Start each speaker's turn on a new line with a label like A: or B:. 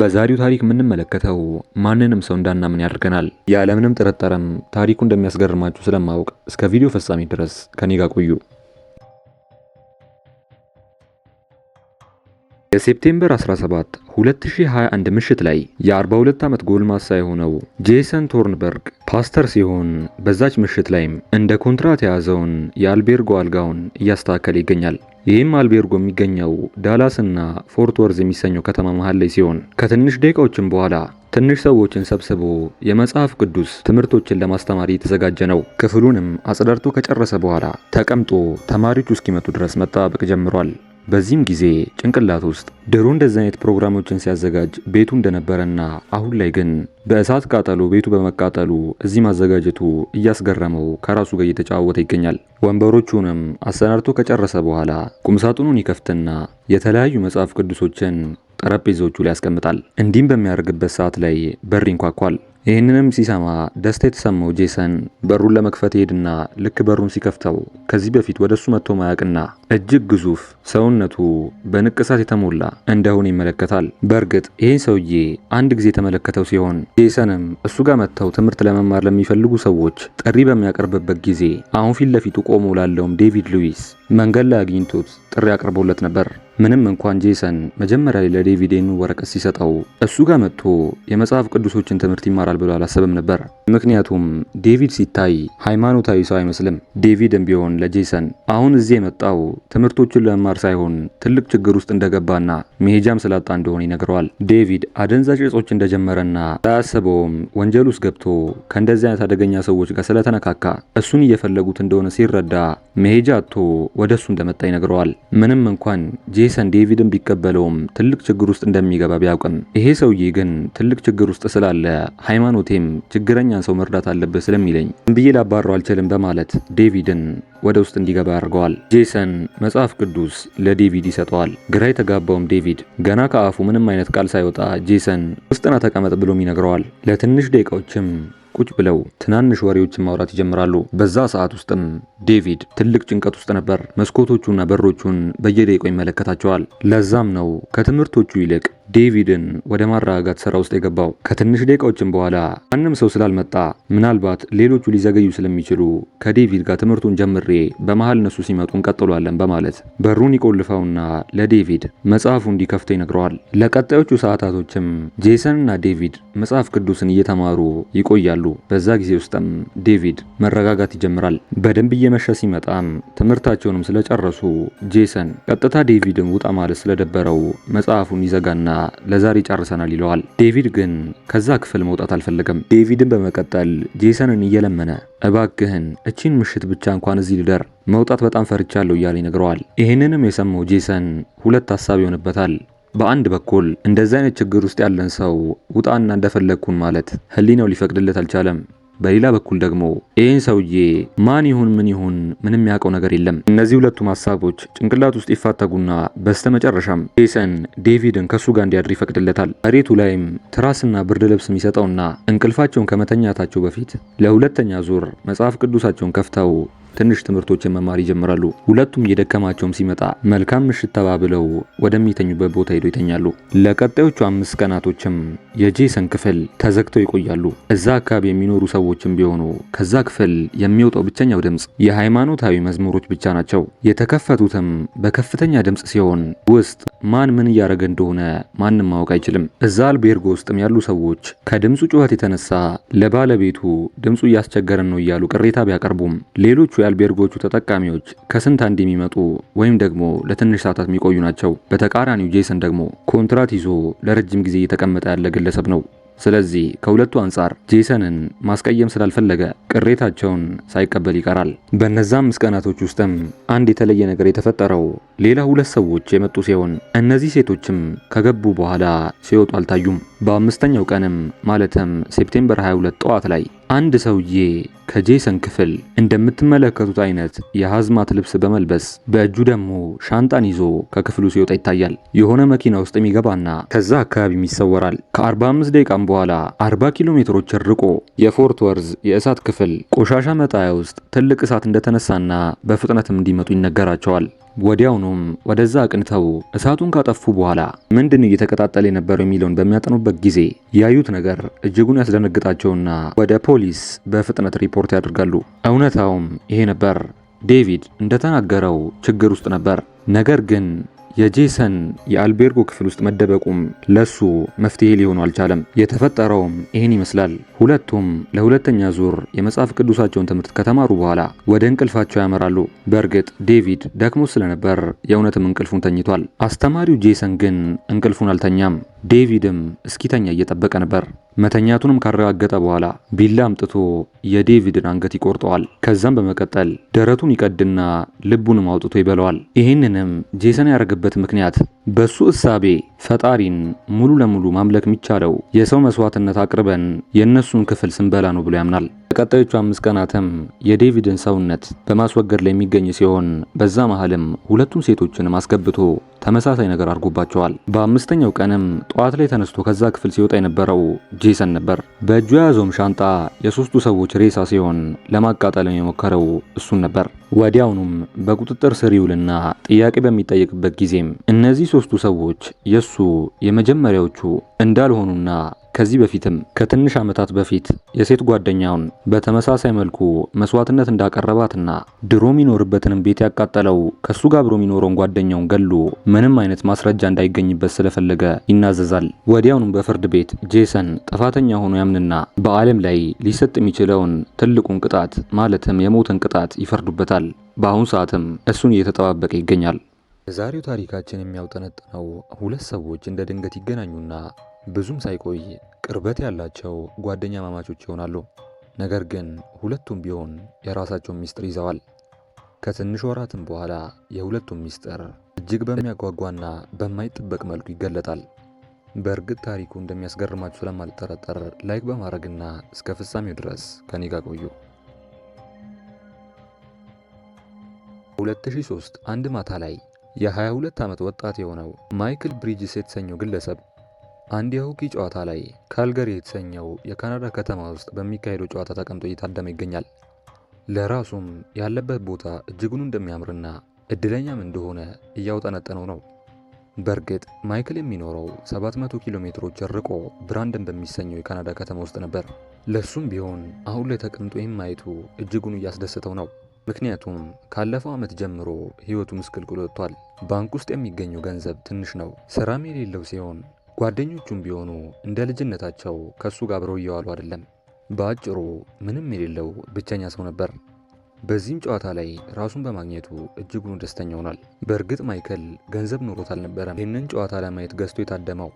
A: በዛሬው ታሪክ የምንመለከተው ማንንም ሰው እንዳናምን ያደርገናል። ያለምንም ጥርጠርም ታሪኩ እንደሚያስገርማችሁ ስለማወቅ እስከ ቪዲዮ ፍጻሜ ድረስ ከኔ ጋር ቆዩ። የሴፕቴምበር 17 2021 ምሽት ላይ የ42 ዓመት ጎልማሳ የሆነው ጄሰን ቶርንበርግ ፓስተር ሲሆን በዛች ምሽት ላይም እንደ ኮንትራት የያዘውን የአልቤርጎ አልጋውን እያስተካከለ ይገኛል። ይህም አልቤርጎ የሚገኘው ዳላስና ፎርት ወርዝ የሚሰኘው ከተማ መሃል ላይ ሲሆን ከትንሽ ደቂቃዎችን በኋላ ትንሽ ሰዎችን ሰብስቦ የመጽሐፍ ቅዱስ ትምህርቶችን ለማስተማር እየተዘጋጀ ነው። ክፍሉንም አጽደርቶ ከጨረሰ በኋላ ተቀምጦ ተማሪዎቹ እስኪመጡ ድረስ መጠባበቅ ጀምሯል። በዚህም ጊዜ ጭንቅላት ውስጥ ድሮ እንደዚህ አይነት ፕሮግራሞችን ሲያዘጋጅ ቤቱ እንደነበረና አሁን ላይ ግን በእሳት ቃጠሎ ቤቱ በመቃጠሉ እዚህ ማዘጋጀቱ እያስገረመው ከራሱ ጋር እየተጫወተ ይገኛል። ወንበሮቹንም አሰናድቶ ከጨረሰ በኋላ ቁምሳጥኑን ይከፍትና የተለያዩ መጽሐፍ ቅዱሶችን ጠረጴዛዎቹ ላይ ያስቀምጣል። እንዲህም በሚያደርግበት ሰዓት ላይ በር ይንኳኳል። ይህንንም ሲሰማ ደስታ የተሰማው ጄሰን በሩን ለመክፈት ይሄድና ልክ በሩን ሲከፍተው ከዚህ በፊት ወደ እሱ መጥቶ ማያቅና እጅግ ግዙፍ ሰውነቱ በንቅሳት የተሞላ እንደሆነ ይመለከታል። በእርግጥ ይህን ሰውዬ አንድ ጊዜ የተመለከተው ሲሆን ጄሰንም እሱ ጋር መጥተው ትምህርት ለመማር ለሚፈልጉ ሰዎች ጥሪ በሚያቀርብበት ጊዜ አሁን ፊት ለፊቱ ቆሞ ላለውም ዴቪድ ሉዊስ መንገድ ላይ አግኝቶት ጥሪ አቅርቦለት ነበር። ምንም እንኳን ጄሰን መጀመሪያ ላይ ለዴቪዴን ወረቀት ሲሰጠው እሱ ጋር መጥቶ የመጽሐፍ ቅዱሶችን ትምህርት ይማራል ብሎ አላሰበም ነበር። ምክንያቱም ዴቪድ ሲታይ ሃይማኖታዊ ሰው አይመስልም። ዴቪድም ቢሆን ለጄሰን አሁን እዚህ የመጣው ትምህርቶችን ለመማር ሳይሆን ትልቅ ችግር ውስጥ እንደገባና መሄጃም ስላጣ እንደሆነ ይነግረዋል። ዴቪድ አደንዛዥ እጾች እንደጀመረና ሳያስበውም ወንጀል ውስጥ ገብቶ ከእንደዚህ አይነት አደገኛ ሰዎች ጋር ስለተነካካ እሱን እየፈለጉት እንደሆነ ሲረዳ መሄጃ አጥቶ ወደ እሱ እንደመጣ ይነግረዋል። ምንም እንኳን ጄሰን ዴቪድን ቢቀበለውም ትልቅ ችግር ውስጥ እንደሚገባ ቢያውቅም ይሄ ሰውዬ ግን ትልቅ ችግር ውስጥ ስላለ ሃይማኖቴም ችግረኛን ሰው መርዳት አለብህ ስለሚለኝ ብዬ ላባረው አልችልም በማለት ዴቪድን ወደ ውስጥ እንዲገባ ያደርገዋል። ጄሰን መጽሐፍ ቅዱስ ለዴቪድ ይሰጠዋል። ግራ የተጋባውም ዴቪድ ገና ከአፉ ምንም አይነት ቃል ሳይወጣ ጄሰን ውስጥና ተቀመጥ ብሎም ይነግረዋል። ለትንሽ ደቂቃዎችም ቁጭ ብለው ትናንሽ ወሬዎችን ማውራት ይጀምራሉ። በዛ ሰዓት ውስጥም ዴቪድ ትልቅ ጭንቀት ውስጥ ነበር። መስኮቶቹና በሮቹን በየደቂቃው ይመለከታቸዋል። ለዛም ነው ከትምህርቶቹ ይልቅ ዴቪድን ወደ ማረጋጋት ስራ ውስጥ የገባው። ከትንሽ ደቂቃዎችም በኋላ ማንም ሰው ስላልመጣ ምናልባት ሌሎቹ ሊዘገዩ ስለሚችሉ ከዴቪድ ጋር ትምህርቱን ጀምሬ በመሀል እነሱ ሲመጡ እንቀጥሏለን በማለት በሩን ይቆልፈውና ለዴቪድ መጽሐፉ እንዲከፍተ ይነግረዋል። ለቀጣዮቹ ሰዓታቶችም ጄሰንና ዴቪድ መጽሐፍ ቅዱስን እየተማሩ ይቆያሉ። በዛ ጊዜ ውስጥም ዴቪድ መረጋጋት ይጀምራል። በደንብ እየመሸ ሲመጣም ትምህርታቸውንም ስለጨረሱ ጄሰን ቀጥታ ዴቪድን ውጣ ማለት ስለደበረው መጽሐፉን ይዘጋና ለዛሬ ጨርሰናል ይለዋል። ዴቪድ ግን ከዛ ክፍል መውጣት አልፈለገም። ዴቪድን በመቀጠል ጄሰንን እየለመነ እባክህን እቺን ምሽት ብቻ እንኳን እዚህ ልደር፣ መውጣት በጣም ፈርቻለሁ እያለ ይነግረዋል። ይህንንም የሰማው ጄሰን ሁለት ሀሳብ ይሆንበታል። በአንድ በኩል እንደዚህ አይነት ችግር ውስጥ ያለን ሰው ውጣና እንደፈለግኩን ማለት ህሊናው ሊፈቅድለት አልቻለም። በሌላ በኩል ደግሞ ይህን ሰውዬ ማን ይሁን ምን ይሁን ምንም ያውቀው ነገር የለም። እነዚህ ሁለቱም ሀሳቦች ጭንቅላት ውስጥ ይፋተጉና በስተመጨረሻም ጄሰን ዴቪድን ከሱ ጋር እንዲያድር ይፈቅድለታል። መሬቱ ላይም ትራስና ብርድ ልብስ የሚሰጠውና እንቅልፋቸውን ከመተኛታቸው በፊት ለሁለተኛ ዙር መጽሐፍ ቅዱሳቸውን ከፍተው ትንሽ ትምህርቶችን መማር ይጀምራሉ። ሁለቱም የደከማቸውም ሲመጣ መልካም ምሽት ተባብለው ወደሚተኙበት ቦታ ሄደው ይተኛሉ። ለቀጣዮቹ አምስት ቀናቶችም የጄሰን ክፍል ተዘግተው ይቆያሉ። እዛ አካባቢ የሚኖሩ ሰዎችም ቢሆኑ ከዛ ክፍል የሚወጣው ብቸኛው ድምፅ የሃይማኖታዊ መዝሙሮች ብቻ ናቸው። የተከፈቱትም በከፍተኛ ድምፅ ሲሆን ውስጥ ማን ምን እያደረገ እንደሆነ ማንም ማወቅ አይችልም። እዛ አልቤርጎ ውስጥም ያሉ ሰዎች ከድምፁ ጩኸት የተነሳ ለባለቤቱ ድምፁ እያስቸገረን ነው እያሉ ቅሬታ ቢያቀርቡም ሌሎቹ የአልቤርጎቹ ተጠቃሚዎች ከስንት አንድ የሚመጡ ወይም ደግሞ ለትንሽ ሰዓታት የሚቆዩ ናቸው። በተቃራኒው ጄሰን ደግሞ ኮንትራት ይዞ ለረጅም ጊዜ እየተቀመጠ ያለ ግለሰብ ነው። ስለዚህ ከሁለቱ አንጻር ጄሰንን ማስቀየም ስላልፈለገ ቅሬታቸውን ሳይቀበል ይቀራል። በእነዛ አምስት ቀናቶች ውስጥም አንድ የተለየ ነገር የተፈጠረው ሌላ ሁለት ሰዎች የመጡ ሲሆን እነዚህ ሴቶችም ከገቡ በኋላ ሲወጡ አልታዩም። በአምስተኛው ቀንም ማለትም ሴፕቴምበር 22 ጠዋት ላይ አንድ ሰውዬ ከጄሰን ክፍል እንደምትመለከቱት አይነት የሀዝማት ልብስ በመልበስ በእጁ ደግሞ ሻንጣን ይዞ ከክፍሉ ሲወጣ ይታያል። የሆነ መኪና ውስጥ የሚገባና ከዛ አካባቢም ይሰወራል። ከ45 ደቂቃም በኋላ 40 ኪሎ ሜትሮች ርቆ የፎርት ወርዝ የእሳት ክፍል ቆሻሻ መጣያ ውስጥ ትልቅ እሳት እንደተነሳና በፍጥነትም እንዲመጡ ይነገራቸዋል። ወዲያውኑም ወደዛ አቅንተው እሳቱን ካጠፉ በኋላ ምንድን እየተቀጣጠለ የነበረው የሚለውን በሚያጠኑበት ጊዜ ያዩት ነገር እጅጉን ያስደነግጣቸውና ወደ ፖሊስ በፍጥነት ሪፖርት ያደርጋሉ። እውነታውም ይሄ ነበር። ዴቪድ እንደተናገረው ችግር ውስጥ ነበር። ነገር ግን የጄሰን የአልቤርጎ ክፍል ውስጥ መደበቁም ለሱ መፍትሄ ሊሆኑ አልቻለም። የተፈጠረውም ይህን ይመስላል። ሁለቱም ለሁለተኛ ዙር የመጽሐፍ ቅዱሳቸውን ትምህርት ከተማሩ በኋላ ወደ እንቅልፋቸው ያመራሉ። በእርግጥ ዴቪድ ደክሞ ስለነበር የእውነትም እንቅልፉን ተኝቷል። አስተማሪው ጄሰን ግን እንቅልፉን አልተኛም። ዴቪድም እስኪተኛ እየጠበቀ ነበር። መተኛቱንም ካረጋገጠ በኋላ ቢላ አምጥቶ የዴቪድን አንገት ይቆርጠዋል። ከዛም በመቀጠል ደረቱን ይቀድና ልቡንም አውጥቶ ይበለዋል። ይህንንም ጄሰን ያደረገበት ምክንያት በሱ እሳቤ ፈጣሪን ሙሉ ለሙሉ ማምለክ የሚቻለው የሰው መስዋዕትነት አቅርበን የእነሱን ክፍል ስንበላ ነው ብሎ ያምናል። በቀጣዮቹ አምስት ቀናትም የዴቪድን ሰውነት በማስወገድ ላይ የሚገኝ ሲሆን በዛ መሀልም ሁለቱን ሴቶችንም አስገብቶ ተመሳሳይ ነገር አድርጎባቸዋል። በአምስተኛው ቀንም ጠዋት ላይ ተነስቶ ከዛ ክፍል ሲወጣ የነበረው ጄሰን ነበር። በእጁ የያዘውም ሻንጣ የሶስቱ ሰዎች ሬሳ ሲሆን ለማቃጠልም የሞከረው እሱን ነበር። ወዲያውኑም በቁጥጥር ስር ይውልና ጥያቄ በሚጠየቅበት ጊዜም እነዚህ ሶስቱ ሰዎች የእሱ የመጀመሪያዎቹ እንዳልሆኑና ከዚህ በፊትም ከትንሽ ዓመታት በፊት የሴት ጓደኛውን በተመሳሳይ መልኩ መስዋዕትነት እንዳቀረባትና ድሮ የሚኖርበትንም ቤት ያቃጠለው ከሱ ጋር አብሮ የሚኖረውን ጓደኛውን ገሎ ምንም አይነት ማስረጃ እንዳይገኝበት ስለፈለገ ይናዘዛል። ወዲያውኑም በፍርድ ቤት ጄሰን ጥፋተኛ ሆኖ ያምንና በዓለም ላይ ሊሰጥ የሚችለውን ትልቁን ቅጣት ማለትም የሞትን ቅጣት ይፈርዱበታል። በአሁኑ ሰዓትም እሱን እየተጠባበቀ ይገኛል።
B: የዛሬው ታሪካችን የሚያውጠነጥነው ሁለት ሰዎች እንደ ድንገት ይገናኙና ብዙም ሳይቆይ ቅርበት ያላቸው ጓደኛ ማማቾች ይሆናሉ። ነገር ግን ሁለቱም ቢሆን የራሳቸውን ሚስጥር ይዘዋል። ከትንሽ ወራትም በኋላ የሁለቱም ሚስጥር እጅግ በሚያጓጓና በማይጠበቅ መልኩ ይገለጣል። በእርግጥ ታሪኩ እንደሚያስገርማችሁ ስለማልጠረጠር ላይክ በማድረግና እስከ ፍጻሜው ድረስ ከኔ ጋር ቆዩ።
A: 2003 አንድ ማታ ላይ የ22 ዓመት ወጣት የሆነው ማይክል ብሪጅስ የተሰኘው ግለሰብ አንድ የሆኪ ጨዋታ ላይ ካልገሪ የተሰኘው የካናዳ ከተማ ውስጥ በሚካሄደው ጨዋታ ተቀምጦ እየታደመ ይገኛል። ለራሱም ያለበት ቦታ እጅጉኑ እንደሚያምርና እድለኛም እንደሆነ እያውጠነጠነው ነው። በእርግጥ ማይክል የሚኖረው 700 ኪሎ ሜትሮች ርቆ ብራንደን በሚሰኘው የካናዳ ከተማ ውስጥ ነበር። ለሱም ቢሆን አሁን ላይ ተቀምጦ የማየቱ እጅጉኑ እያስደሰተው ነው። ምክንያቱም ካለፈው ዓመት ጀምሮ ሕይወቱ ምስቅልቅል ወጥቷል። ባንክ ውስጥ የሚገኘው ገንዘብ ትንሽ ነው። ስራም የሌለው ሲሆን ጓደኞቹም ቢሆኑ እንደ ልጅነታቸው ከእሱ ጋር አብረው እየዋሉ አይደለም። በአጭሩ ምንም የሌለው ብቸኛ ሰው ነበር። በዚህም ጨዋታ ላይ ራሱን በማግኘቱ እጅጉን ደስተኛ ሆኗል። በእርግጥ ማይከል ገንዘብ ኖሮት አልነበረም ይህንን ጨዋታ ለማየት ገዝቶ የታደመው።